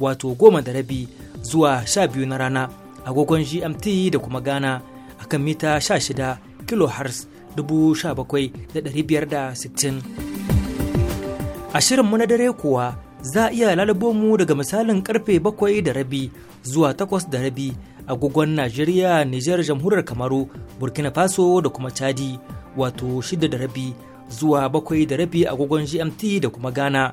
wato goma da rabi zuwa sha biyu na rana agogon gmt da kuma ghana a kan mita sha sha shida, dubu bakwai da dari biyar da sittin. a shirinmu na dare kuwa za a iya lalabo mu daga misalin karfe bakwai da rabi zuwa takwas da rabi agogon najeriya nijar jamhuriyar kamaru burkina faso da kuma chadi wato shida da rabi zuwa bakwai da rabi agogon gmt da kuma ghana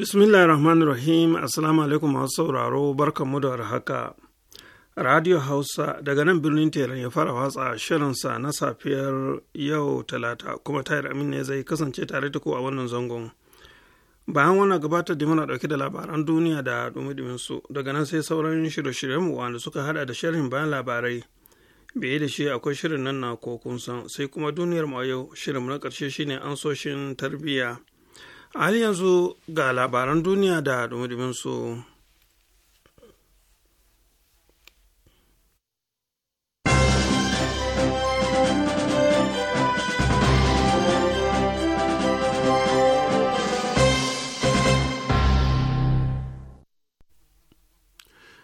Bismillah rahman rahim Assalamu alaikum masu sauraro barkanmu da haka. Radio Hausa daga nan birnin Teran ya fara watsa shirinsa na safiyar yau talata kuma tayar ramin ne zai kasance tare da ku a wannan zangon. Bayan wannan gabatar da muna dauke da labaran duniya da dumi su daga nan sai sauran shirye mu wanda suka hada da sharhin bayan labarai. Biye da shi akwai shirin nan na ko kun san sai kuma duniyar mu a yau shirin na karshe shine ansoshin tarbiyya. hal yanzu ga labaran duniya da dumudumin su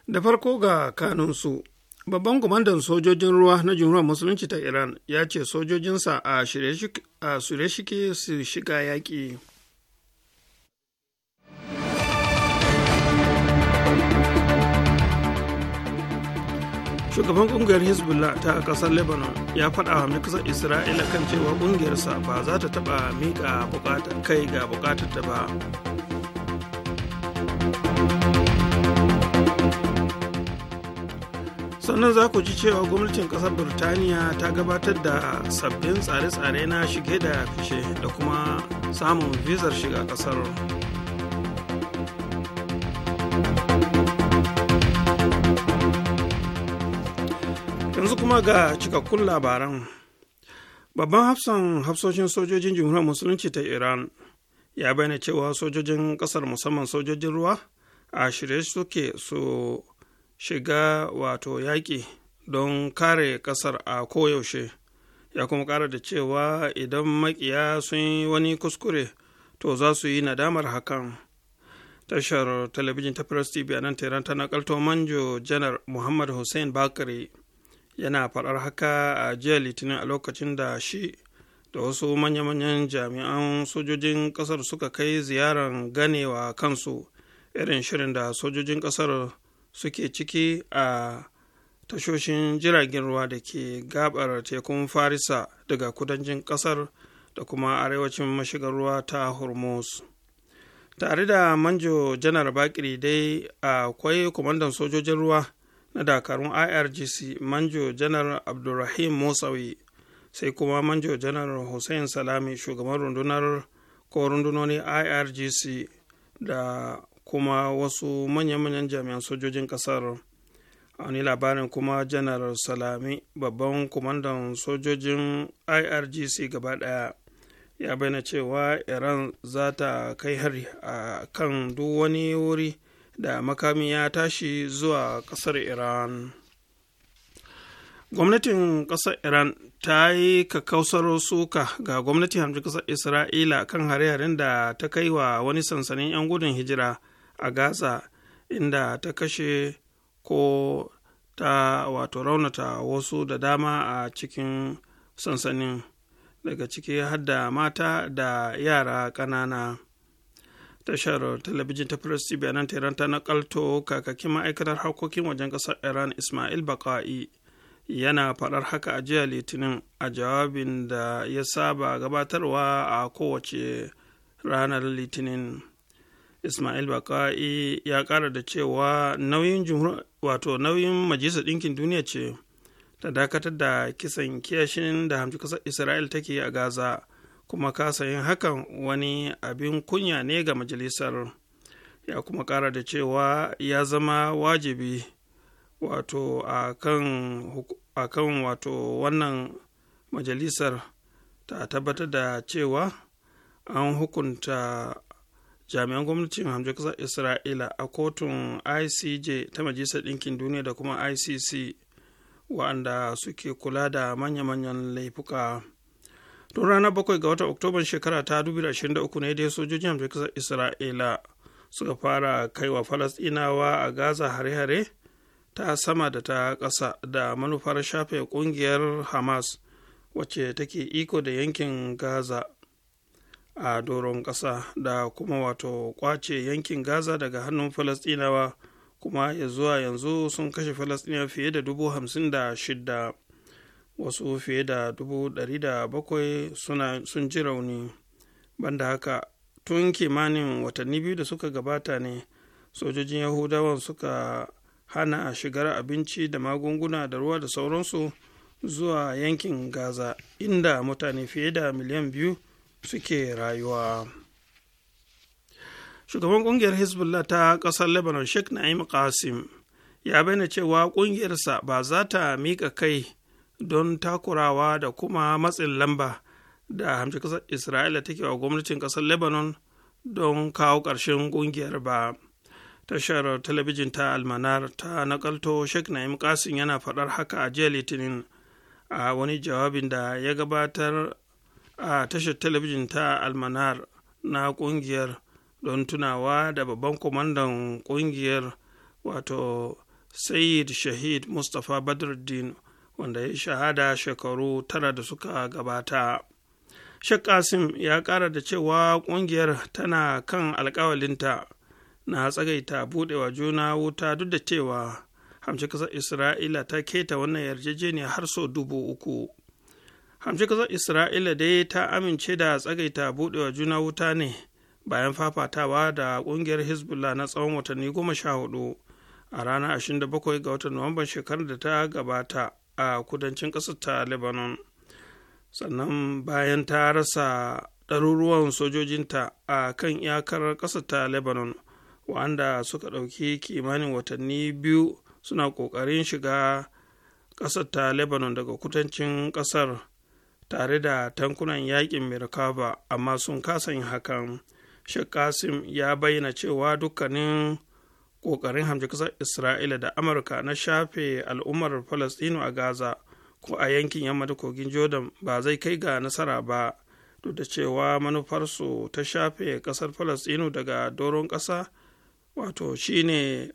da farko ga kanunsu babban kwamandan sojojin ruwa na jumhuriyar musulunci ta iran ya ce sojojinsa a shirye shike su shiga yaƙi shugaban kungiyar hezbollah ta kasar lebanon ya faɗa wa kasar isra'ila kan cewa kungiyarsa ba za ta taɓa miƙa buƙatar kai ga buƙatar ta ba sannan za ku ji cewa gwamnatin kasar birtaniya ta gabatar da sabbin tsare-tsare na shige da fice da kuma samun vizar shiga kasar. yanzu kuma ga cikakkun labaran babban hafsan hafsoshin sojojin jamhuriyar musulunci ta iran ya bayyana cewa sojojin kasar musamman sojojin ruwa a shirye suke su shiga wato yaƙi don kare kasar a koyaushe ya kuma kara da cewa idan makiya sun yi wani kuskure to za su yi nadamar hakan tashar talabijin ta press tv a nan tana ta nakalto manjo janar muhammad hussein bakari yana faɗar haka a jiya litinin a lokacin da shi da wasu manya-manyan jami'an sojojin ƙasar suka kai ziyarar ganewa kansu irin shirin da sojojin ƙasar suke ciki a tashoshin jiragen ruwa da ke gabar tekun farisa daga kudancin ƙasar da kuma arewacin mashigar ruwa ta hormuz tare da manjo janar bakiri dai akwai kwamandan sojojin ruwa na dakarun irgc manjo janar abdulrahim motsawi sai kuma manjo janar hussein salami shugaban rundunar ko rundunonin irgc da kuma wasu manya-manyan jami'an sojojin kasar a wani labarin kuma janar salami babban kumandan sojojin irgc gaba daya ya bayyana cewa iran za ta kai hari a kan duk wani wuri da makami ya tashi zuwa ƙasar iran gwamnatin ƙasar iran ta yi kakausar suka ga gwamnatin hamjin ƙasar isra'ila kan hare-haren da ta kai wa wani sansanin 'yan gudun hijira a gaza inda ta kashe ko ta wato raunata wasu da dama a cikin sansanin daga ciki hadda mata da yara ƙanana tashar talabijin ta press tv nan tehran ta nakalto kakakin ma'aikatar harkokin wajen kasar iran ismail baka'i yana faɗar haka a jiya litinin a jawabin da ya saba gabatarwa a kowace ranar litinin ismail baka'i ya ƙara da cewa nauyin wato nauyin majalisar ɗinkin duniya ce ta dakatar da kisan kiyashin da hamshi ƙasar isra'il take a gaza kuma kasa yin hakan wani abin kunya ne ga majalisar ya kuma kara da cewa ya zama wajibi wato a kan wato wannan majalisar ta tabbatar da cewa an hukunta jami'an gwamnatin hamjar kasar isra'ila a kotun icj ta majalisar ɗinkin duniya da kuma icc wa'anda suke kula da manya-manyan laifuka. tun ranar bakwai ga watan oktoban shekara ta 2023 ne dai sojojin amurka isra'ila suka fara kai wa falasɗinawa a gaza hare-hare ta sama da ta ƙasa da manufar shafe ƙungiyar hamas wacce take iko da yankin gaza a doron ƙasa da kuma wato ƙwace yankin gaza daga hannun falasɗinawa kuma ya zuwa yanzu sun kashe falasɗinawa fiye da dubu hamsin da shidda wasu fiye da dubu ɗari da bakwai sun ji rauni banda haka tun kimanin watanni biyu da suka gabata ne sojojin yahudawan suka hana a shigar abinci da magunguna da ruwa da sauransu zuwa yankin gaza inda mutane fiye da miliyan biyu suke rayuwa shugaban kungiyar hezbollah ta kasar lebanon sheikh na'im qasim ya bayyana cewa kungiyarsa ba za ta miƙa kai don takurawa da kuma matsin lamba da hamshi ƙasar isra'ila take wa gwamnatin ƙasar lebanon don kawo ƙarshen ƙungiyar ba tashar talabijin ta almanar ta nakalto sheikh na'im kasim yana faɗar haka a jiya litinin a wani jawabin da ya gabatar a tashar talabijin ta almanar na ƙungiyar don tunawa da babban kwamandan ƙungiyar wato sayid shahid mustapha badruddin wanda ya shahada shekaru tara da suka gabata Sheikh ya kara da cewa ƙungiyar tana kan alkawalinta na tsagaita buɗewa juna wuta duk da cewa hamshi ƙasar Isra'ila ta keta wannan yarjejeniya har so dubu uku. Hamshi ƙasar Isra'ila dai ta amince da tsagaita buɗewa juna wuta ne bayan fafatawa da ƙungiyar Hezbollah na tsawon watanni goma sha hudu a ranar 27 ga watan Nuwamban shekarar da ta gabata. a kudancin ƙasar ta lebanon sannan bayan ta rasa ɗaruruwan sojojinta a kan iyakar ƙasar ta lebanon wanda suka ɗauki kimanin watanni biyu suna ƙoƙarin shiga ƙasar ta lebanon daga kudancin ƙasar tare da tankunan yaƙin mirkaba amma sun kasa yin hakan shekasim ya bayyana cewa dukkanin ƙoƙarin hamji ƙasar isra'ila da amurka na shafe al'ummar Falasɗinu a gaza ko a yankin yamma kogin jordan ba zai kai ga nasara ba duk da cewa manufarsu ta shafe ƙasar Falasɗinu daga doron ƙasa wato shine ne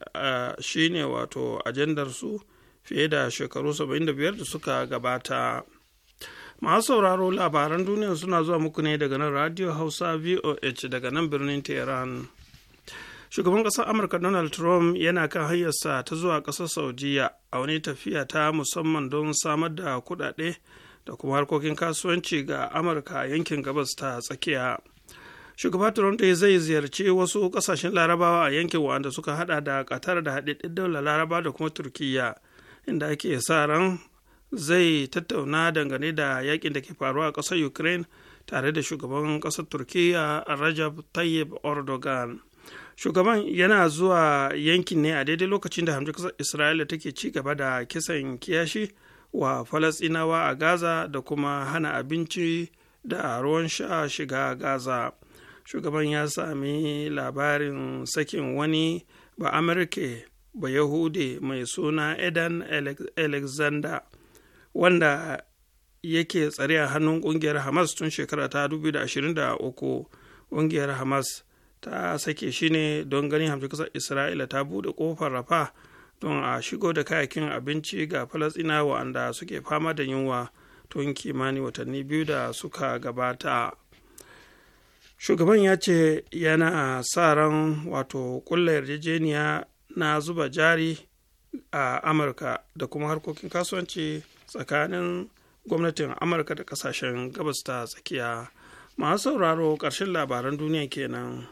wato ajandarsu fiye da shekaru 75 da suka gabata masu sauraro labaran duniya suna zuwa muku ne daga nan radio hausa voh daga nan birnin tehran shugaban ƙasar amurka donald trump yana kan hanyarsa ta zuwa ƙasar saudiya a wani tafiya ta musamman don samar da kuɗaɗe da kuma harkokin kasuwanci ga amurka yankin gabas ta tsakiya shugaba trump dai zai ziyarci wasu ƙasashen larabawa a yankin wanda suka hada da ƙatar da haɗaɗɗen da laraba da kuma turkiya inda ake sa ran zai tattauna dangane da yakin da ke faruwa a ƙasar ukraine tare da shugaban ƙasar turkiya rajab tayyip erdogan shugaban yana zuwa yankin ne a daidai lokacin da hamji isra'ila take ci gaba da kisan kiyashi wa falasinawa a gaza da kuma hana abinci da ruwan sha shiga gaza shugaban ya sami labarin sakin wani ba amurka ba yahude mai suna edan alexander wanda yake tsari a hannun kungiyar hamas tun shekara ta 2023 kungiyar hamas ta sake shi ne don ganin hamshi kasar isra'ila ta bude kofar rafa don a shigo da kayakin abinci ga falasina wa'anda suke fama da yunwa tun kimanin watanni biyu da suka gabata shugaban ya ce yana sa ran wato ƙulla yarjejeniya na zuba jari a amurka da kuma harkokin kasuwanci tsakanin gwamnatin amurka da kasashen gabas ta tsakiya masu sauraro ƙarshen labaran duniya kenan.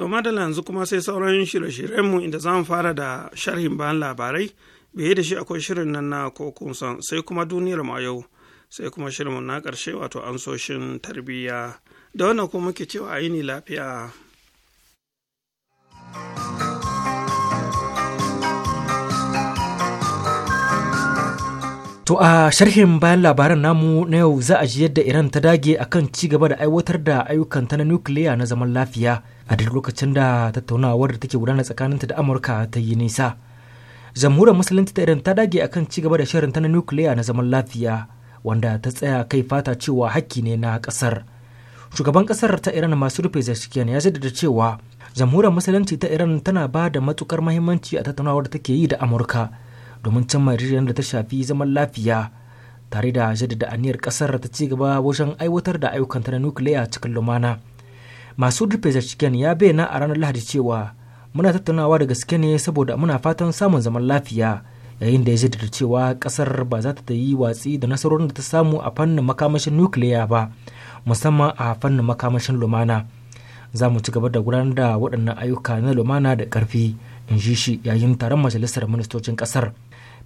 To madalla yanzu kuma sai sauran shirye-shiryenmu inda za mu fara da sharhin bayan labarai, biye da shi akwai shirin nan na kokun san sai kuma duniyar ma yau, sai kuma shirin na ƙarshe wato ansoshin tarbiyya. Da wannan kuma muke cewa a yini lafiya. To a sharhin bayan labaran namu na yau za a ji yadda Iran ta dage akan ci gaba da aiwatar da ayyukanta na nukiliya na zaman lafiya. a duk lokacin da tattaunawar da take gudana tsakaninta da amurka ta yi nisa jamhuriyar musulunci ta irin ta dage akan ci gaba da shirin ta na nukiliya na zaman lafiya wanda ta tsaya kai fata cewa hakki ne na kasar shugaban kasar ta iran masu rufe zaskiyan ya jaddada cewa jamhuriyar musulunci ta iran tana ba da matukar mahimmanci a tattaunawar da take yi da amurka domin cimma yarjejeniyar da ta shafi zaman lafiya tare da jaddada aniyar kasar ta ci gaba wajen aiwatar da ayyukanta na nukiliya cikin lumana masu rufe zaciken ya bayyana a ranar lahadi cewa muna tattaunawa da gaske ne saboda muna fatan samun zaman lafiya yayin da ya jaddada cewa kasar ba za ta yi watsi da nasarorin da ta samu a fannin makamashin nukiliya ba musamman a fannin makamashin lumana za mu ci gaba da gudanar da waɗannan ayyuka na lumana da ƙarfi in ji shi yayin taron majalisar ministocin ƙasar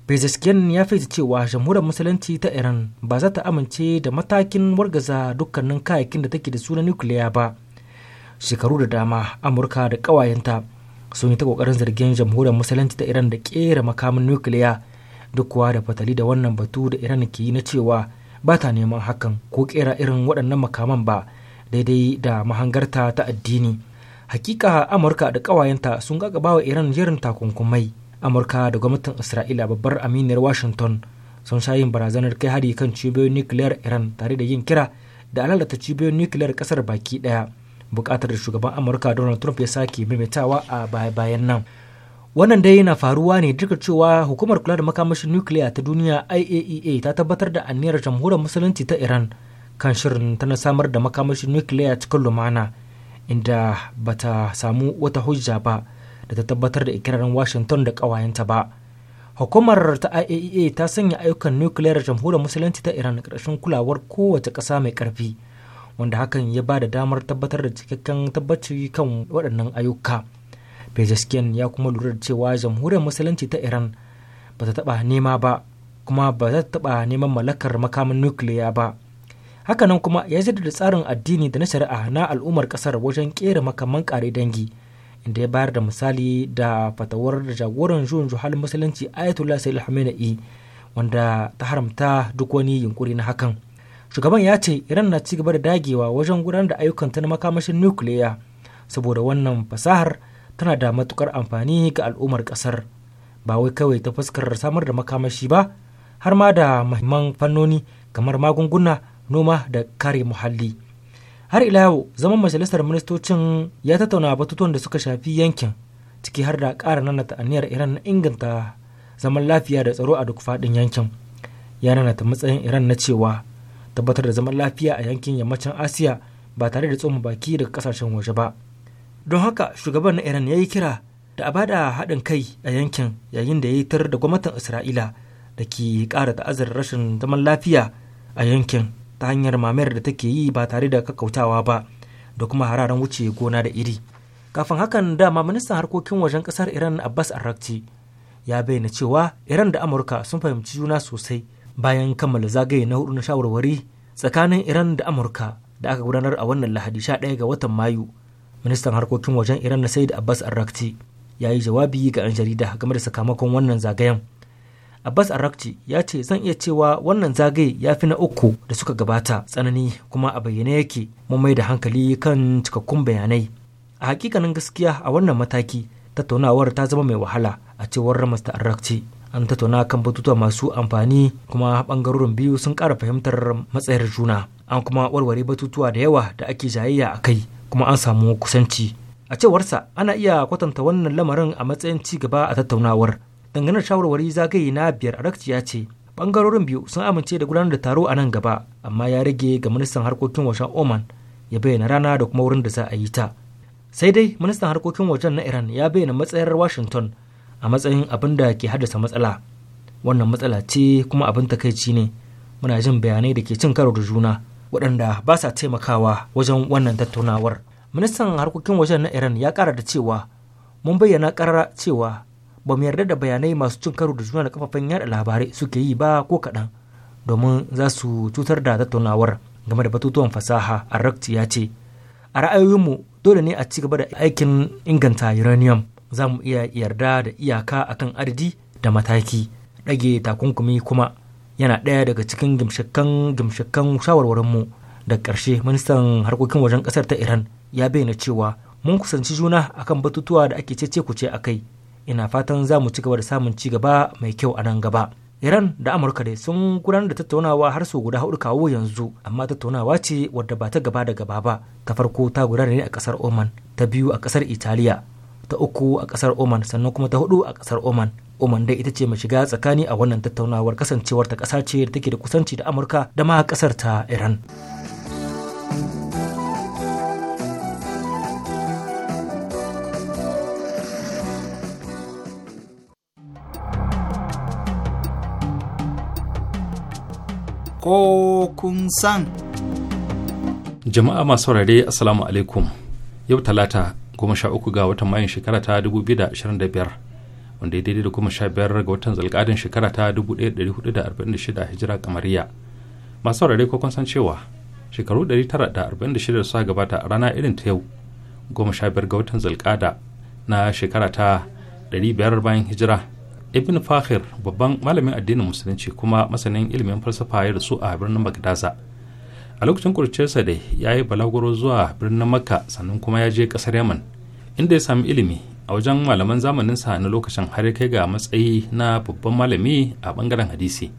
Pezeshkian ya fita cewa jamhuriyar musulunci ta Iran ba za ta amince da matakin wargaza dukkanin kayayyakin da take da su nukiliya ba shekaru da dama amurka da ƙawayenta sun yi ta kokarin zargin jamhuriyar musulunci ta iran da kera makamin nukiliya duk kuwa da fatali da wannan batu da iran ke yi na cewa ba ta neman hakan ko kera irin waɗannan makaman ba daidai da mahangarta ta addini hakika amurka da ƙawayenta sun gagaba wa iran jerin takunkumai amurka da gwamnatin isra'ila babbar aminiyar washington sun sha yin barazanar kai hari kan cibiyoyin nukiliyar iran tare da yin kira da alalata cibiyoyin nukiliyar kasar baki daya bukatar da shugaban amurka donald trump ya sake maimaitawa a baya-bayan nan wannan dai na faruwa ne duka cewa hukumar kula da makamashin nukiliya ta duniya iaea e ta tabbatar da anniyar jamhuriyar musulunci ta iran kan shirin ta samar da makamashin nukiliya cikin lumana inda bata samu wata hujja ba da ta tabbatar da ikirarin washington da kawayenta ba hukumar ta iaea e ta sanya ayyukan nukiliyar jamhuriyar musulunci ta iran ƙarshen kulawar kowace ƙasa mai ƙarfi wanda hakan ya ba da damar tabbatar da cikakken tabbaci kan waɗannan ayyuka pezeskian ya kuma lura da cewa jamhuriyar musulunci ta iran ba ta taɓa nema ba kuma ba za ta taɓa neman mallakar makamin nukiliya ba hakanan kuma ya jaddada tsarin addini da na shari'a na al'ummar ƙasar wajen ƙera makaman ƙare dangi inda ya bayar da misali da fatawar da jagoran juhun juhal musulunci ayatollah sayyid khamenei wanda ta haramta duk wani yunkuri na hakan shugaban ya ce iran na ci gaba da dagewa wajen gudanar da ayyukanta na makamashin nukiliya saboda wannan fasahar tana da matukar amfani ga al'ummar kasar ba wai kawai ta fuskar samar da makamashi ba har ma da mahimman fannoni kamar magunguna noma da kare muhalli har ila yau zaman majalisar ministocin ya tattauna batutuwan da suka shafi yankin ciki har da ƙara nanata aniyar iran na inganta zaman lafiya da tsaro a duk faɗin yankin ya nanata matsayin iran na cewa tabbatar da zaman lafiya a yankin yammacin asiya ba tare da tsoma baki daga kasashen waje ba don haka shugaban na iran ya yi kira da a bada haɗin kai a yankin yayin da ya yi tar da gwamnatin isra'ila da ke ƙara ta'azzar rashin zaman lafiya a yankin ta hanyar mamayar da take yi ba tare da kakautawa ba da kuma hararen wuce gona da iri kafin hakan dama ministan harkokin wajen ƙasar iran abbas arrakci ya bayyana cewa iran da amurka sun fahimci juna sosai bayan kammala zagaye na hudu na shawarwari tsakanin iran da amurka da aka gudanar a wannan lahadi 11 ga watan mayu ministan harkokin wajen iran na said abbas arrakti ya yi jawabi ga 'yan jarida game da sakamakon wannan zagayen abbas arrakti ya ce zan iya cewa wannan zagaye ya fi na uku da suka gabata tsanani kuma a bayyane yake mun mai da hankali kan cikakkun bayanai a hakikanin gaskiya a wannan mataki tattaunawar ta zama mai wahala a cewar mr arrakti an tattauna kan batutuwa masu amfani kuma bangarorin biyu sun ƙara fahimtar matsayar juna an kuma warware batutuwa da yawa da ake jayayya a kai kuma an samu kusanci a cewarsa ana iya kwatanta wannan lamarin a matsayin ci gaba a tattaunawar dangane shawarwari zagaye na biyar arakci ya ce bangarorin biyu sun amince da gudanar da taro a nan gaba amma ya rage ga ministan harkokin wajen oman ya bayyana rana da kuma wurin da za a yi ta sai dai ministan harkokin wajen na iran ya bayyana matsayar washington a matsayin abin da ke haddasa matsala wannan matsala ce kuma abin takaici ne muna jin bayanai da ke cin karo da juna waɗanda ba sa taimakawa wajen wannan tattaunawar ministan harkokin wajen na iran ya ƙara da cewa mun bayyana ƙarara cewa ba mu yarda da bayanai masu cin karo da juna da kafafen yada labarai suke yi ba ko kaɗan domin za su cutar da tattaunawar game da batutuwan fasaha a rakti ya ce a ra'ayoyinmu dole ne a ci gaba da aikin inganta uranium za mu iya yarda da iyaka a kan adadi da mataki ɗage takunkumi kuma yana ɗaya daga cikin gimshikan shawarwarinmu da ƙarshe ministan harkokin wajen ƙasar ta iran ya bayyana cewa mun kusanci juna akan batutuwa da ake cece kuce a kai ina fatan za mu ci gaba da samun ci gaba mai kyau a nan gaba iran da amurka dai sun gudanar da tattaunawa har sau guda hudu kawo yanzu amma tattaunawa ce wadda ba ta gaba da gaba ba ta farko ta gudana ne a kasar oman ta biyu a ƙasar italiya ta uku a kasar oman sannan kuma ta hudu a kasar oman oman dai ita ce mai shiga tsakani a wannan tattaunawar kasancewar ta kasa ce da take da kusanci da amurka da ma kasar ta iran ko kun san jama'a masu rare assalamu alaikum yau talata goma sha uku ga watan mayun shekara ta biyar wanda ya daidai da goma sha biyar ga watan zalgadin shekara ta dubu ɗaya da da hudu arba'in shida hijira kamariya masu saurare ko san cewa shekaru tara da arba'in da shida suka gabata a rana irin ta yau goma sha biyar ga watan zalkada na shekara ta biyar bayan hijira ibn fahir babban malamin addinin musulunci kuma masanin ilimin falsafa ya rasu a birnin bagdaza a lokacin kurciyarsa dai ya yi balaguro zuwa birnin makka sannan kuma ya je kasar yaman inda ya sami ilimi a wajen malaman zamaninsa na lokacin har kai ga matsayi na babban malami a bangaren hadisi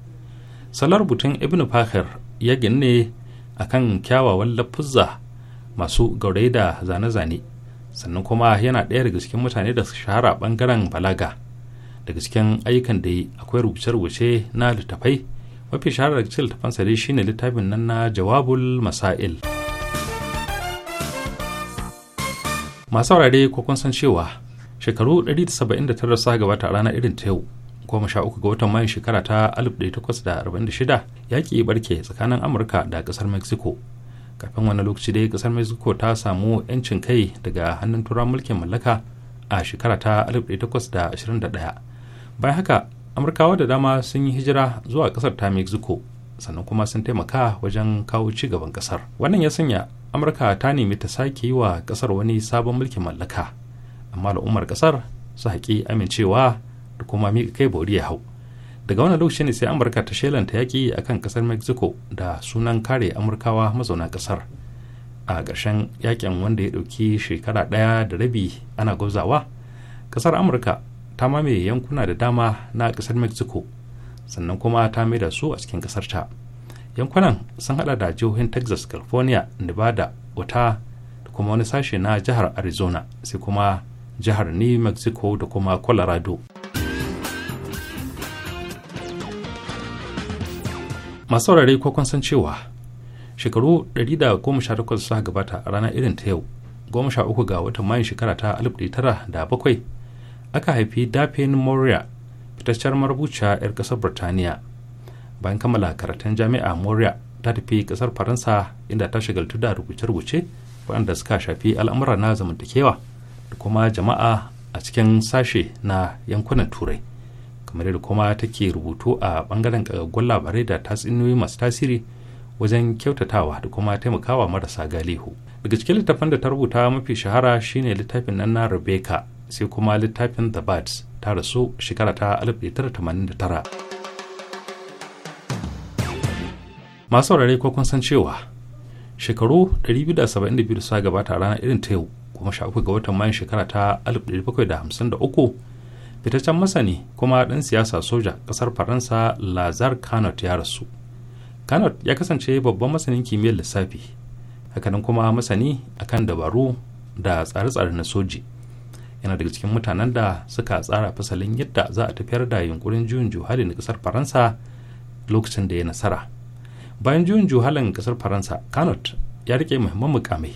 salar rubutun ibn fahir ya ginne a kan kyawawan lafuzza masu gaurayi da zane-zane sannan kuma yana ɗaya daga cikin mutane da shahara bangaren balaga daga cikin ayyukan da akwai rubuce-rubuce na littafai mafi shahara da cikin littafin dai shine littafin nan na jawabul masail masu saurare ko kun san cewa shekaru 179 sa gabata rana irin ta yau goma sha uku ga watan mayun shekara ta 1846 yaƙi barke tsakanin amurka da ƙasar mexico kafin wani lokaci dai kasar mexico ta samu 'yancin kai daga hannun turan mulkin mallaka a shekara ta 1821 bayan haka amurkawa da dama sun yi hijira zuwa kasar ta mexico sannan kuma sun taimaka wajen kawo ci gaban kasar wannan ya sanya amurka ta nemi ta sake yi wa kasar wani sabon mulkin mallaka amma al'ummar kasar su haƙi amincewa da kuma miƙa kai bori ya hau daga wani lokaci ne sai amurka ta shelanta yaƙi a kan ƙasar mexico da sunan kare amurkawa mazauna kasar. a ƙarshen yaƙin wanda ya ɗauki shekara ɗaya da rabi ana gwazawa kasar amurka ta mamaye yankuna da dama na ƙasar mexico sannan kuma ta mai da su a cikin ƙasar ta yankunan sun hada da jihohin texas california nevada utah da kuma wani sashe na jihar arizona sai kuma jihar new mexico da kuma colorado masu saurari ko kun san cewa shekaru 118 suka gabata a ranar irin ta yau 13 ga watan mayu shekara ta 1907 aka haifi dafin moria fitaccen marubuciya 'yar kasar birtaniya bayan kammala karatun jami'a moria ta tafi kasar faransa inda ta shagaltu da rubuce-rubuce waɗanda suka shafi al'amura na zamantakewa da kuma jama'a a cikin sashe na yankunan turai kamar da kuma take rubutu a bangaren kagaggun labarai da tatsuniyoyi masu tasiri wajen kyautatawa da kuma taimakawa marasa galihu daga cikin littafin da ta rubuta mafi shahara shine littafin nan na rebecca sai kuma littafin the birds ta rasu shekara ta 1989 masu saurare ko kun san cewa shekaru 272 suka gabata a ranar irin ta yau kuma sha uku ga watan mayan shekara ta 1753 fitaccen masani kuma ɗan siyasa soja ƙasar faransa lazar canot ya rasu canot ya kasance babban masanin kimiyyar lissafi hakanan kuma masani akan dabaru da tsare-tsare na soji yana daga cikin mutanen da suka tsara fasalin yadda za a tafiyar da yunkurin juyin juhali na kasar faransa lokacin da ya nasara bayan juyin juhalin kasar faransa kanot ya rike muhimman mukamai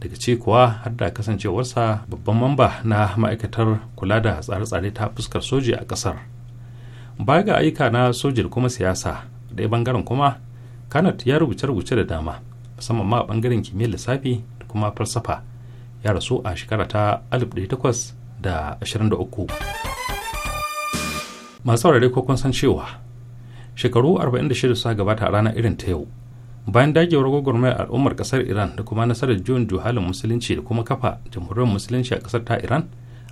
daga cikowa har da kasancewarsa babban mamba na ma'aikatar kula da tsare-tsare ta fuskar soji a kasar baya ga ayyuka na soja da kuma siyasa da bangaren kuma kanot ya rubuce-rubuce da dama musamman ma a bangaren kimiyyar lissafi da kuma falsafa ya rasu a shekara ta 1823 masu saurare ko kun san cewa shekaru 46 suka gabata a ranar irin ta yau bayan dagewar gwagwarmayar al'ummar kasar iran da kuma nasarar juyin juhalin musulunci da kuma kafa jamhuriyar musulunci a kasar ta iran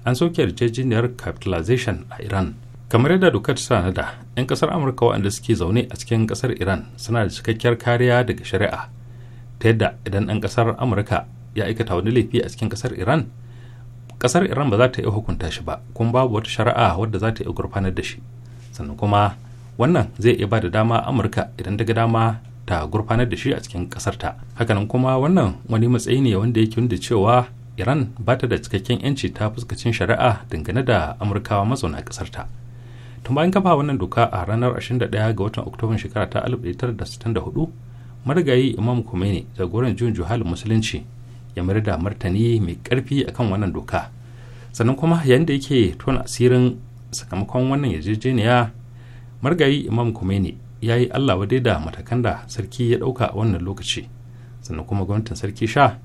an soke yarjejeniyar capitalization a iran kamar yadda dokar ta da 'yan kasar amurka waɗanda suke zaune a cikin kasar iran suna da cikakkiyar kariya daga shari'a ta yadda idan ɗan kasar amurka ya aikata wani laifi a cikin kasar iran kasar iran ba za ta iya hukunta shi ba kuma babu wata shari'a wadda za ta iya gurfanar da shi sannan kuma wannan zai iya ba da dama amurka idan daga dama ta gurfanar da shi a cikin kasar ta hakanan kuma wannan wani matsayi ne wanda yake nuna cewa iran ba ta da cikakken yanci ta fuskacin shari'a dangane da amurkawa mazauna kasar ta tun bayan kafa wannan doka a ranar 21 ga watan oktoban shekara ta 1964 marigayi imam khomeini jagoran juyin juhalin musulunci ya mayar da martani mai karfi akan wannan doka sannan kuma yayin da yake tona asirin sakamakon wannan yarjejeniya margayi imam kumeni ya yi allah wadai da matakan da sarki ya dauka a wannan lokaci sannan kuma gwamnatin sarki sha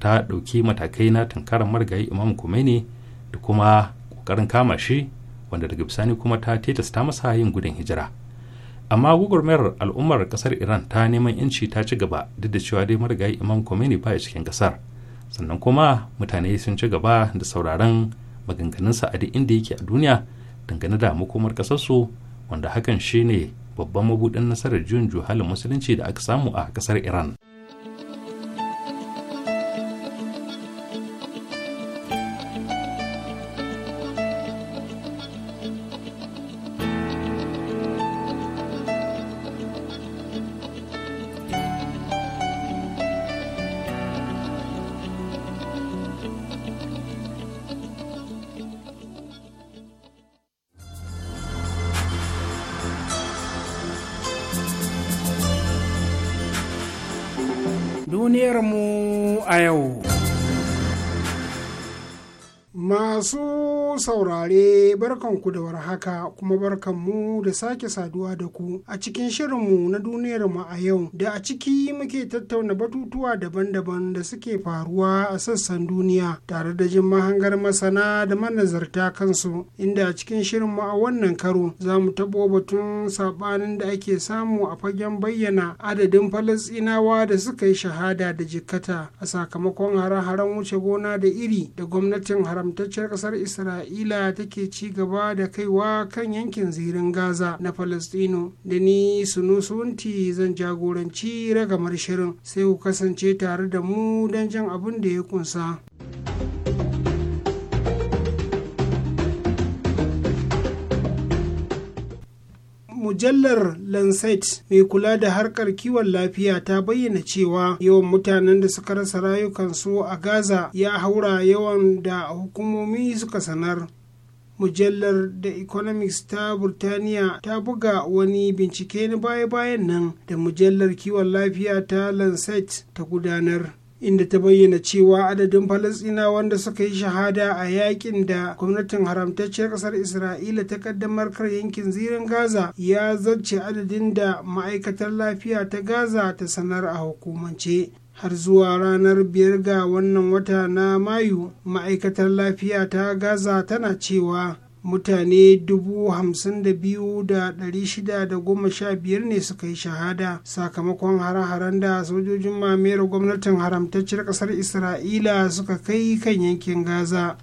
ta dauki matakai na tunkarar margayi imam kumeni da kuma kokarin kama shi wanda daga bisani kuma ta tilasta masa yin gudun hijira amma gugurmayar al'ummar kasar iran ta neman yanci ta ci gaba duk da cewa dai marigayi imam komeni ba a cikin kasar sannan kuma mutane sun ci gaba da sauraron maganganunsa a duk inda yake a duniya dangane da makomar kasarsu wanda hakan shine babban mabudin nasarar juyin juhalin musulunci da aka samu a kasar iran duniyarmu a yau. Masu masu saurare barkanku da warhaka kuma barkanmu da sake saduwa da ku a cikin shirinmu na duniyarmu a yau da a ciki muke tattauna batutuwa daban-daban da suke faruwa a sassan duniya tare da jin mahangar masana da manazarta kansu inda a cikin shirinmu a wannan karo za mu taɓo batun sabanin da ake samu a fagen bayyana adadin falasɗinawa da suka yi shahada da jikkata a sakamakon hare-haren wuce gona da iri da gwamnatin haramtacciyar ƙasar isra'ila isra'ila take ci gaba da kaiwa kan yankin zirin gaza na falastino da ni sunusunti zan jagoranci ragamar shirin sai ku kasance tare da mu don jan abin da ya kunsa. mujallar lancet mai kula da harkar kiwon lafiya ta bayyana cewa yawan mutanen da suka rasa rayukansu a gaza ya haura yawan da hukumomi suka sanar mujallar da economics ta burtaniya ta buga wani bincike na baya-bayan nan da mujallar kiwon lafiya ta lancet ta gudanar inda ta bayyana cewa adadin falasina wanda suka yi shahada a yakin da gwamnatin haramtacciyar kasar isra'ila ta kaddamar kar yankin zirin gaza ya zarce adadin da ma'aikatar lafiya ta gaza ta sanar a hukumance har zuwa ranar biyar ga wannan wata na mayu ma'aikatar lafiya ta gaza tana cewa mutane biyar ne suka yi shahada sakamakon hare-haren da sojojin mamera gwamnatin haramtaccen ƙasar isra'ila suka kai kan yankin gaza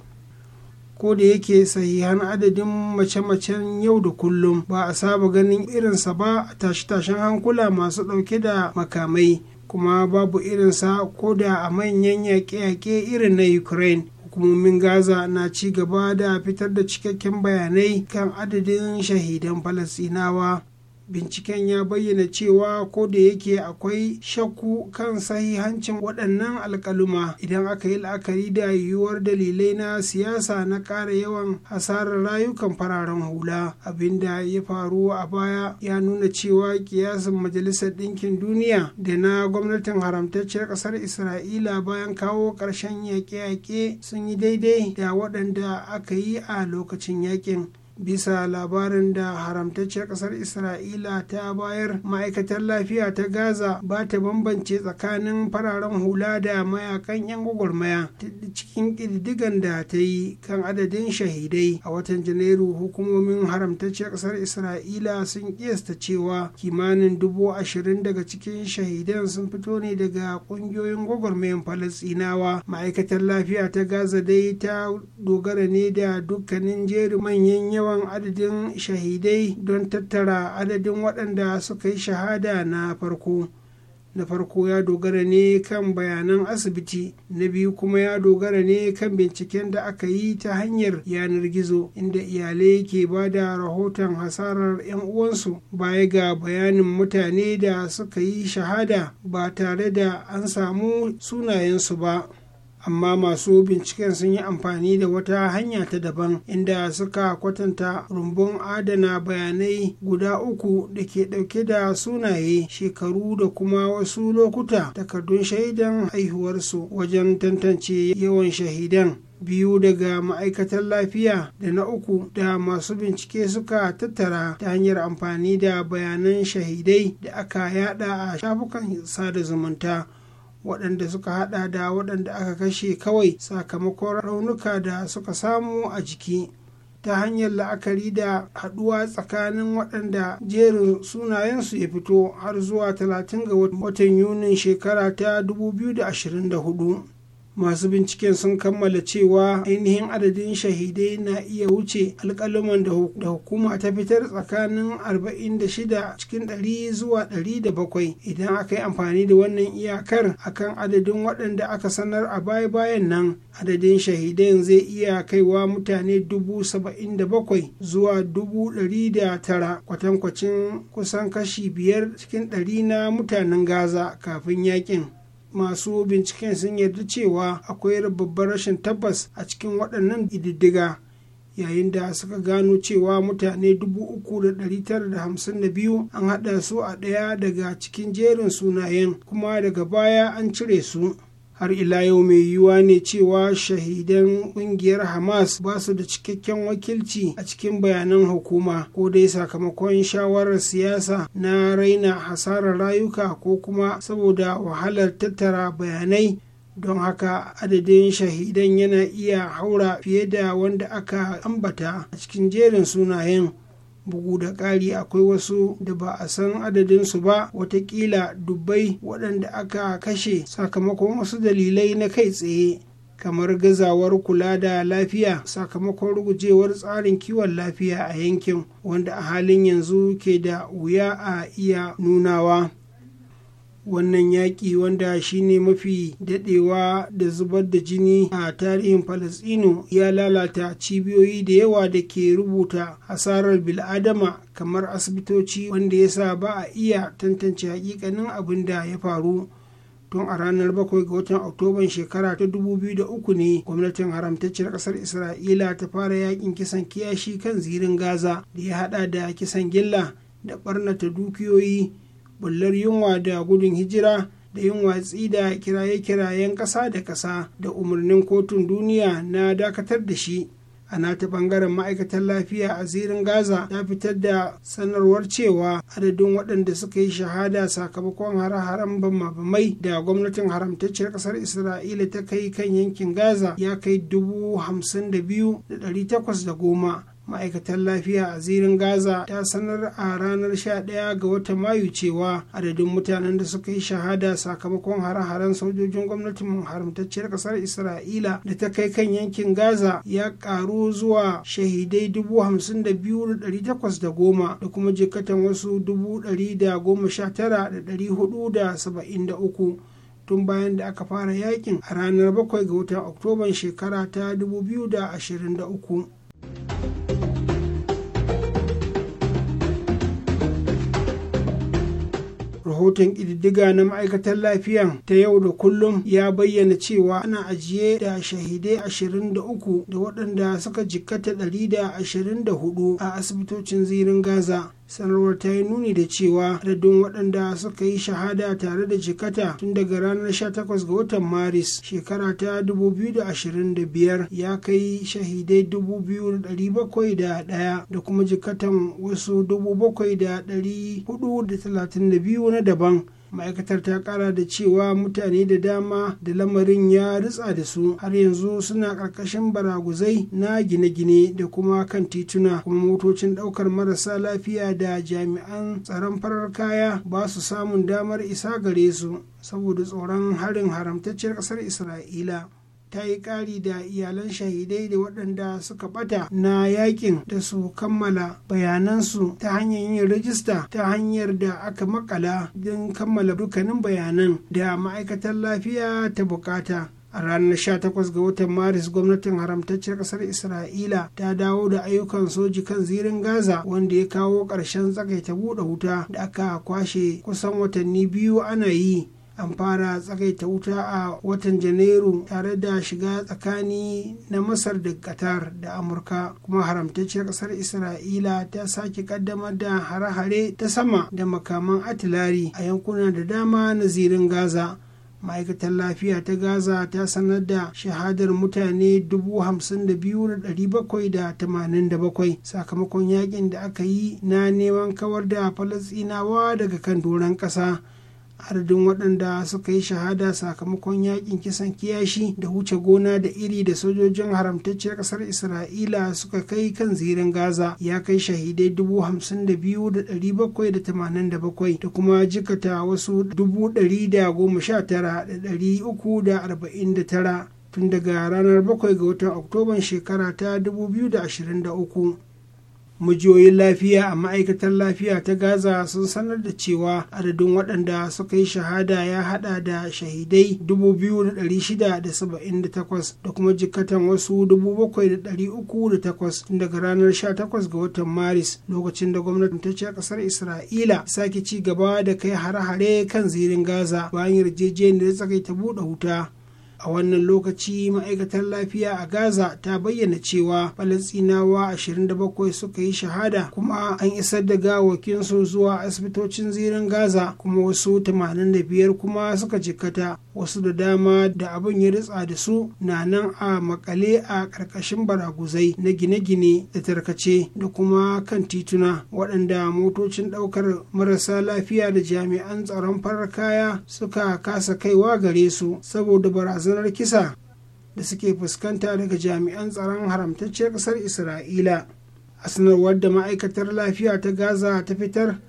ko da yake sahihan adadin mace-macen yau da kullum ba a saba ganin irinsa ba a tashe-tashen hankula masu ɗauke da makamai kuma babu irinsa ko da a manyan yaƙe-yaƙe irin na ukraine hukumomin gaza na ci gaba da fitar da cikakken bayanai kan adadin shahidan falasinawa binciken ya bayyana cewa ko da yake akwai shakku kan sahihancin waɗannan alƙaluma. idan aka yi la'akari da yiwuwar dalilai na siyasa na ƙara yawan hasarar rayukan fararen hula abinda ya faru a baya ya nuna cewa kiyasin majalisar ɗinkin duniya da na gwamnatin haramtacciyar ƙasar isra'ila bayan kawo ƙarshen yaƙe-yaƙe sun yi daidai da waɗanda aka yi a lokacin yaƙin bisa labarin da haramtacciyar ƙasar isra'ila ta bayar ma'aikatar lafiya ta gaza ba ta bambance tsakanin fararen hula da mayakan yan gwagwarmaya cikin ƙididdigan da ta yi kan adadin shahidai a watan janairu hukumomin haramtacciyar ƙasar isra'ila sun kiyasta cewa kimanin dubu ashirin daga cikin shahidan sun fito ne daga ƙungiyoyin gwagwarmayan falastinawa ma'aikatar lafiya ta gaza dai ta dogara ne da dukkanin jerin manyan yawa yawan adadin shahidai don tattara adadin waɗanda suka yi shahada na farko na farko ya dogara ne kan bayanan asibiti na biyu kuma ya dogara ne kan binciken da aka yi ta hanyar yanar gizo inda iyalai ke ba da rahoton hasarar 'yan uwansu baya ga bayanin mutane da suka yi shahada ba tare da an samu sunayensu ba amma masu binciken sun yi amfani da wata hanya ta daban inda suka kwatanta rumbun adana bayanai guda uku da ke dauke da sunaye shekaru da kuma wasu lokuta takardun shaidan haihuwarsu wajen tantance yawan shahidan biyu daga ma'aikatar lafiya da na uku da masu bincike suka tattara ta hanyar amfani da bayanan shahidai da aka yada a shafukan sada zumunta waɗanda suka haɗa da waɗanda aka kashe kawai sakamakon raunuka da suka samu a jiki ta hanyar la'akari da haɗuwa tsakanin waɗanda jerin sunayensu ya fito har zuwa 30 ga watan yunin shekara ta 2024 masu binciken sun kammala cewa ainihin adadin shahidai na iya wuce alkalaman da hukuma ta fitar tsakanin 46 cikin 100 zuwa 107 idan aka yi amfani da wannan iyakar akan adadin waɗanda aka sanar a baya bayan nan adadin shahidan zai iya kaiwa mutane 77 zuwa 109 kwatankwacin kusan kashi 5 cikin 100 na mutanen gaza kafin yakin masu binciken sun yarda cewa akwai babbar rashin tabbas a cikin waɗannan ididdiga yayin da suka gano cewa mutane 3,952 an haɗa su a ɗaya daga cikin jerin sunayen kuma daga baya an cire su har ila yau mai yiwuwa ne cewa shahidan kungiyar hamas ba su da cikakken wakilci a cikin bayanan hukuma ko dai sakamakon shawarar siyasa na raina hasarar rayuka ko kuma saboda wahalar tattara bayanai don haka adadin shahidan yana iya haura fiye da wanda aka ambata a cikin jerin sunayen bugu da ƙari akwai wasu da ba a san adadinsu ba watakila dubbai waɗanda aka kashe sakamakon wasu dalilai na kai tsaye kamar gazawar kula da lafiya sakamakon rugujewar tsarin kiwon lafiya a yankin wanda a halin yanzu ke da wuya a iya nunawa wannan yaƙi wanda shine mafi daɗewa da zubar da jini a tarihin falasino ya lalata cibiyoyi da yawa da ke rubuta hasarar bil'adama kamar asibitoci wanda ya sa ba a iya tantance hakikanin abin da ya faru tun a ranar 7 ga watan oktoban shekara ta 2003 ne gwamnatin haramtacciyar ƙasar isra'ila ta fara yakin kisan kiyashi kan zirin gaza da ya hada da kisan gilla da ɓarnata dukiyoyi bullar yunwa da gudun hijira da yin watsi da kiraye-kirayen ƙasa da ƙasa da umarnin kotun duniya na dakatar da shi a nata bangaren ma'aikatar lafiya a zirin gaza ta fitar da sanarwar cewa adadin waɗanda suka yi shahada sakamakon hare-haren bamabamai da gwamnatin haramtacciyar ƙasar isra'ila ta kai kan yankin gaza ya kai dubu hamsin da biyu da ɗari takwas da goma ma'aikatar lafiya a zirin gaza ta sanar a ranar 11 ga watan mayu cewa adadin mutanen da suka yi shahada sakamakon hare-haren sojojin gwamnatin haramtacciyar kasar isra'ila da ta kai kan yankin gaza ya karu zuwa shahidai 52,810 da kuma jikatan wasu 119,473 tun bayan da aka fara yakin a ranar 7 ga watan oktoban shekara ta 2023 rahoton ƙididdiga na ma'aikatar lafiyan ta yau da kullum ya bayyana cewa ana ajiye da shahidai 23 da waɗanda suka jikkata 124 a asibitocin zirin gaza sanarwar ta yi nuni da cewa adadin waɗanda suka yi shahada tare da jikata tun daga ranar 18 ga watan maris shekara ta 2025 ya kai shahidai 2,701 da kuma jikatan wasu 7,432 na daban ma'aikatar ta kara da cewa mutane da dama da lamarin ya ritsa da su har yanzu suna ƙarƙashin baraguzai na gine-gine da kuma kan tituna kuma motocin ɗaukar marasa lafiya da jami'an tsaron farar kaya ba su samun damar isa gare su saboda tsoron harin haramtacciyar ƙasar isra'ila ta yi ƙari da iyalan shahidai da waɗanda suka ɓata na yakin da su kammala bayanansu ta hanyar yin rajista ta hanyar da aka makala don kammala dukkanin bayanan da ma'aikatar lafiya ta bukata a ranar 18 ga watan maris gwamnatin haramtacciyar ƙasar isra'ila ta dawo da ayyukan soji kan zirin gaza wanda ya kawo ƙarshen tsakaita buɗe wuta da aka kwashe kusan watanni biyu ana yi an fara tsagaita wuta a watan janairu tare da shiga tsakani na masar da qatar da amurka kuma haramtacciyar kasar isra'ila ta sake kaddamar da hare-hare ta sama da makaman atilari a yankuna da dama na zirin gaza ma'aikatar lafiya ta gaza ta sanar da shahadar mutane 52,787 sakamakon yakin da aka yi na neman kawar da falasinawa daga kan doron ƙasa adadin waɗanda suka yi shahada sakamakon yakin kisan kiyashi da huce gona da iri da sojojin haramtacciyar ƙasar isra'ila suka kai kan zirin gaza ya kai shahidai dubu hamsin da biyu da ɗari bakwai da tamanin da bakwai da kuma jikata wasu dubu ɗari da goma sha tara da ɗari uku da arba'in da tara tun daga ranar bakwai ga watan oktoban shekara ta 2023 majiyoyin lafiya a ma'aikatar lafiya ta gaza sun sanar da cewa adadin waɗanda suka yi shahada ya haɗa da shahidai 2,678 da kuma jikatan wasu 7,308 daga ranar 18 ga watan maris lokacin da gwamnatin ta ce kasar isra'ila sake ci gaba da kai hare-hare kan zirin gaza bayan yarjejeniyar ta buɗe wuta a wannan lokaci ma'aikatar lafiya a gaza ta bayyana cewa falastinawa 27 suka yi shahada kuma an isar da gawakinsu zuwa asibitocin zirin gaza kuma wasu 85 kuma suka jikkata wasu da dama da abin ya ritsa da su na nan a makale a ƙarƙashin baraguzai na gine-gine da tarkace da kuma kan tituna waɗanda motocin ɗaukar marasa lafiya da jami'an tsaron farar kaya suka kasa kaiwa gare su saboda barazana barazanar kisa da suke fuskanta daga jami'an tsaron haramtacciyar ƙasar isra'ila a sanarwar da ma'aikatar lafiya ta gaza ta fitar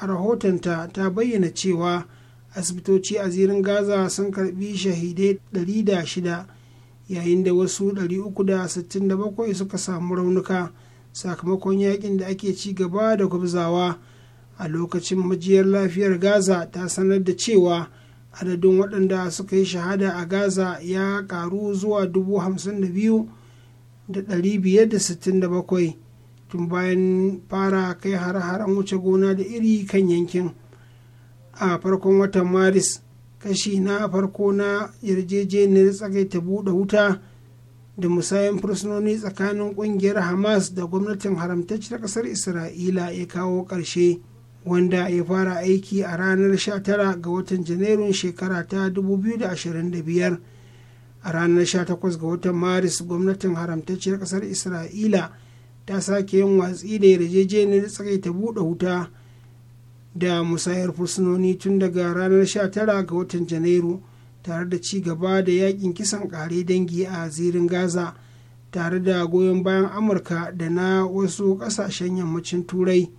a rahotonta ta bayyana cewa asibitoci a zirin gaza sun karbi shahidai 106 yayin da wasu 367 suka samu raunuka sakamakon yakin da ake ci gaba da gwabzawa a lokacin majiyar lafiyar gaza ta sanar da cewa adadin waɗanda suka yi shahada a gaza ya ƙaru zuwa 52,567 tun bayan fara kai har-haren wuce gona da iri kan yankin a farkon watan maris kashi na farko na yarjejeniyar tsagaita buɗe wuta da musayan fursunoni tsakanin ƙungiyar hamas da gwamnatin haramtacciyar ƙasar isra'ila ya kawo ƙarshe. wanda ya fara aiki a ranar 19 ga watan janairun shekara ta 2025 a ranar 18 ga watan maris gwamnatin haramtacciyar kasar isra'ila ta sake yin watsi da yarjejeniyar ta buɗe wuta da musayar fursunoni tun daga ranar 19 ga watan janairu tare da ci gaba da yakin kisan kare dangi a zirin gaza tare da goyon bayan amurka da na wasu kasashen yammacin turai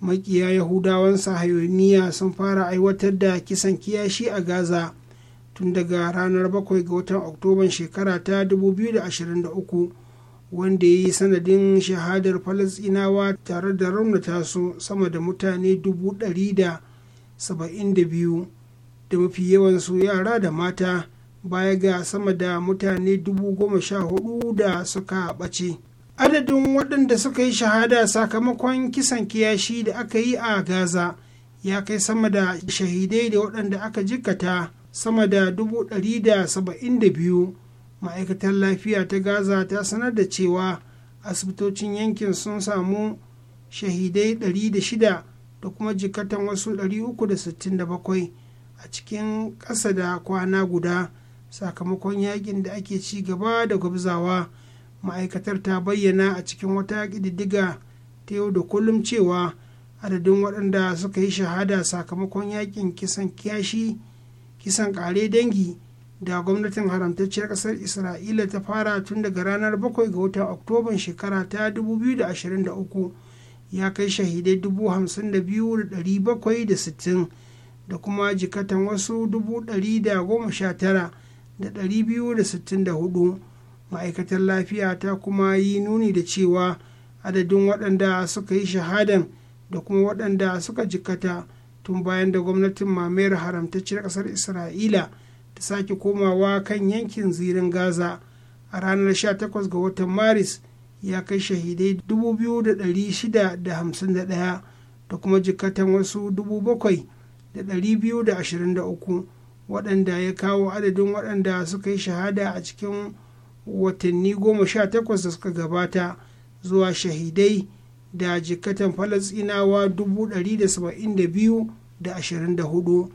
makiya yahudawan sahayoniya sun fara aiwatar da kisan kiyashi a gaza tun daga ranar 7 ga watan oktoban shekara ta 2023 wanda ya yi sanadin shahadar falasinawa tare da raunata su sama da mutane 172 da mafi yawansu yara da mata baya ga sama da mutane 14,000 da suka ɓace adadin waɗanda suka yi shahada sakamakon kisan kiyashi da aka yi a gaza ya kai sama da shahidai da waɗanda aka jikata sama da 172 ma'aikatar lafiya ta gaza ta sanar da cewa asibitocin yankin sun samu shahidai 600 da kuma jikatan wasu 367 a cikin ƙasa da kwana guda sakamakon yakin da ake ci gaba da gwabzawa ma'aikatar ta bayyana a cikin wata ƙididdiga ta yau da kullum cewa adadin waɗanda suka yi shahada sakamakon yakin kisan kiyashi kisan ƙare dangi da gwamnatin haramtacciyar ƙasar isra'ila ta fara tun daga ranar 7 ga watan oktoban shekara ta 2023 ya kai shahidai 52,760 da kuma jikatan wasu 119,264 ma'aikatar lafiya ta kuma yi nuni da cewa adadin waɗanda suka yi shahadan da kuma waɗanda suka jikata tun bayan da gwamnatin mamayar haramtacciyar ƙasar isra'ila ta sake komawa kan yankin zirin gaza a ranar 18 ga watan maris ya kai shahidai 2,651 da kuma jikatan wasu 7,223 waɗanda ya kawo adadin waɗanda suka yi shahada a cikin watanni goma sha takwas da suka gabata zuwa shahidai da jikatan falasinawa dubu ɗari da saba'in da biyu da ashirin da hudu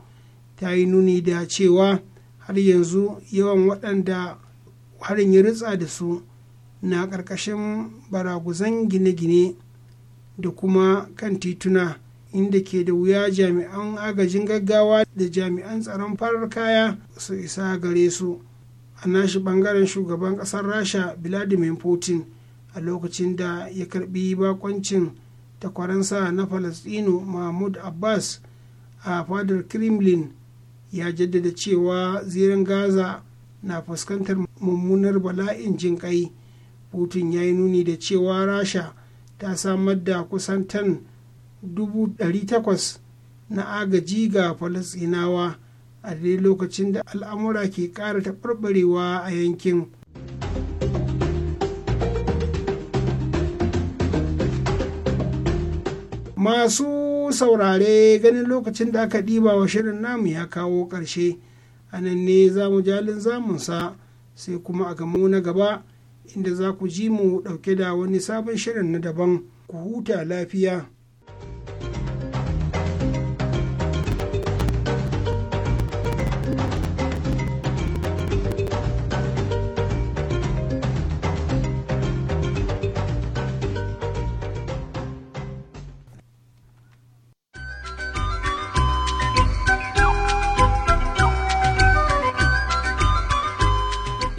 ta yi nuni da cewa har yanzu yawan waɗanda harin ya ritsa da su na ƙarƙashin baraguzan gine-gine da kuma kan tituna inda ke da wuya jami'an agajin gaggawa da jami'an tsaron farar kaya su isa gare su a nashi bangaren shugaban kasar rasha vladimir putin a lokacin da ya karbi bakoncin takwaransa na Falasdino, mahmud abbas a fadar kremlin ya jaddada cewa zirin gaza na fuskantar mummunar bala'in jin kai putin ya yi nuni da cewa rasha ta samar da kusan tan 800 na agaji ga Falasdinawa. a dai lokacin da al'amura ke ƙara taɓarɓarewa a yankin masu saurare ganin lokacin da aka ɗiba wa shirin namu ya kawo ƙarshe a nan ne za mu jalin zamunsa sai kuma a gamo na gaba inda za ku ji mu ɗauke da wani sabon shirin na daban ku huta lafiya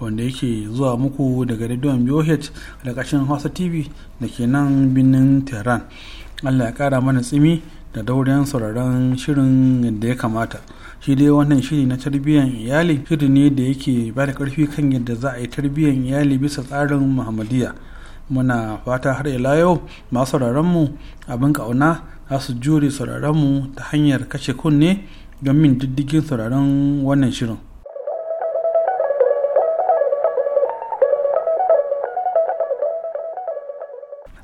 wanda yake zuwa muku daga rediyon BOH da kashin Hausa TV da ke nan birnin Tehran. Allah ya kara mana tsimi da daurin sauraron shirin da ya kamata. Shi dai wannan shiri na tarbiyyar iyali shiri ne da yake ba da karfi kan yadda za a yi tarbiyyar iyali bisa tsarin Muhammadiyya. Muna fata har ila yau masu sauraronmu abin kauna za su jure mu ta hanyar kashe kunne don min diddigin sauraron wannan shirin.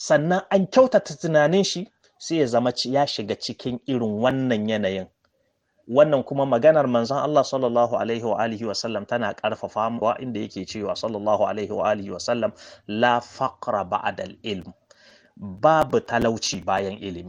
sannan an kyautata tunanin shi sai ya zama ya shiga cikin irin wannan yanayin wannan kuma maganar manzon Allah sallallahu alaihi wa alihi wa sallam tana karfafa wa inda yake cewa sallallahu alaihi wa alihi wa sallam la faqra ba'da al-ilm babu talauci bayan ilimi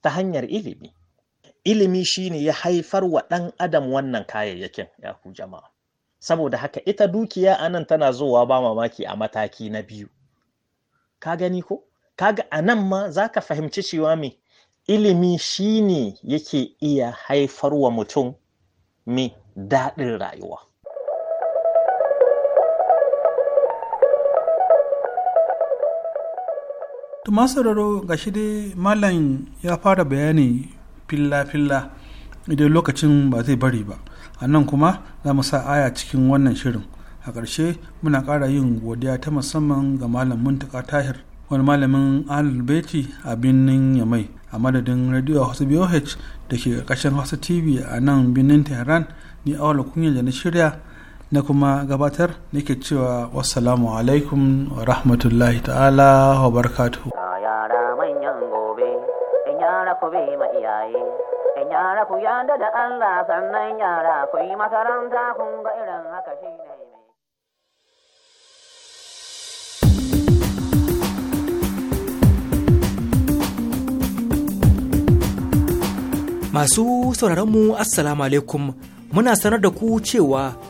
ta hanyar ilimi ilimi shi ne ya haifar wa ɗan adam wannan kayayyakin ya ku jama'a saboda haka ita dukiya a nan tana zowa ba mamaki a mataki na biyu ka gani ko kaga a nan ma za ka fahimci cewa me ilimi shi ne yake iya haifar wa mutum me daɗin rayuwa to masu ga shi dai malam ya fara bayani filla-filla idan lokacin ba zai bari ba a nan kuma za mu sa aya cikin wannan shirin a ƙarshe muna ƙara yin godiya ta musamman ga malam muntaka tahir wani malamin alibeti a birnin yamai a madadin radio hausa boh da ke ƙarshen hausa tv a nan birnin tehran ni awala kunya da na shirya na kuma gabatar nake cewa wassalamu alaikum wa rahmatullahi ta'ala wa barkatu. yara manyan gobe in yara ku bi ma iyaye in yara ku yada da Allah sannan yara ku yi makaranta kun ga irin haka shi ne Masu sauraronmu Assalamu alaikum muna sanar da ku cewa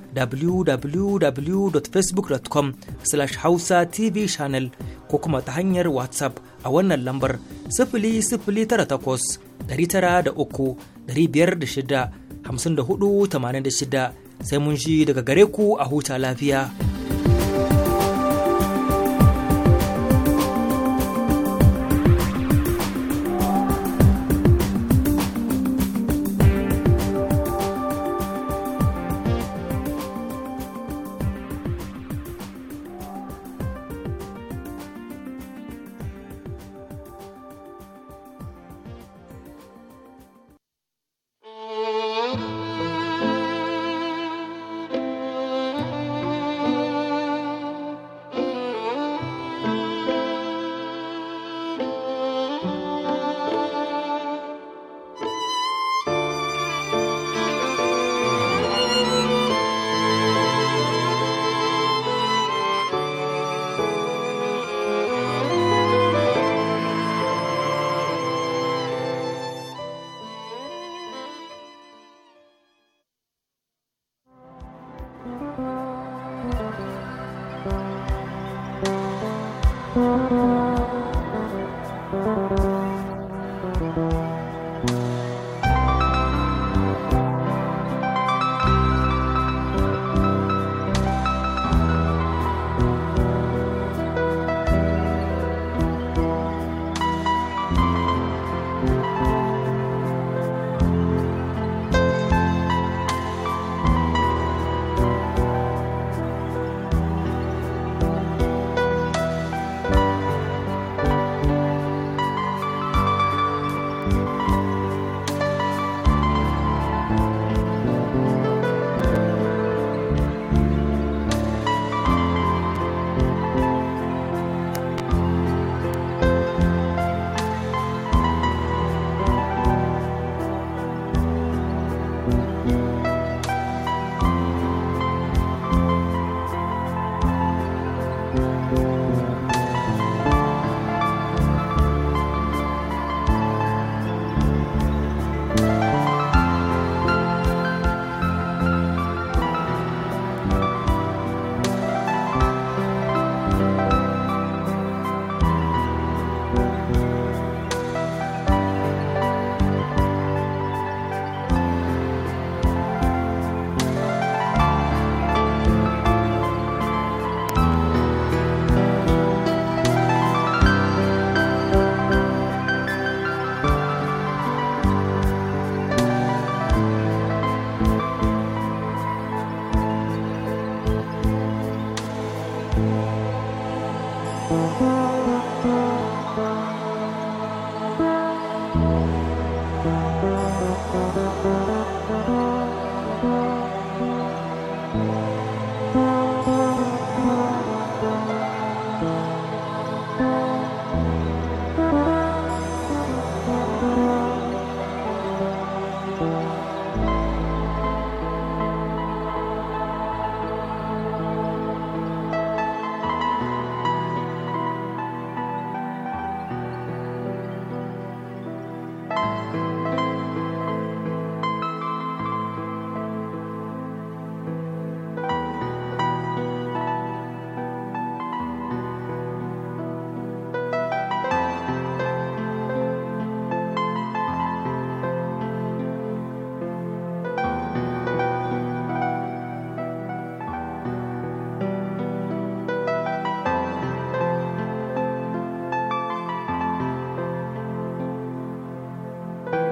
www.facebook.com slash hausa tv channel ko kuma ta hanyar whatsapp a wannan lambar 00983 da shida sai mun shi daga gare ku a huta lafiya.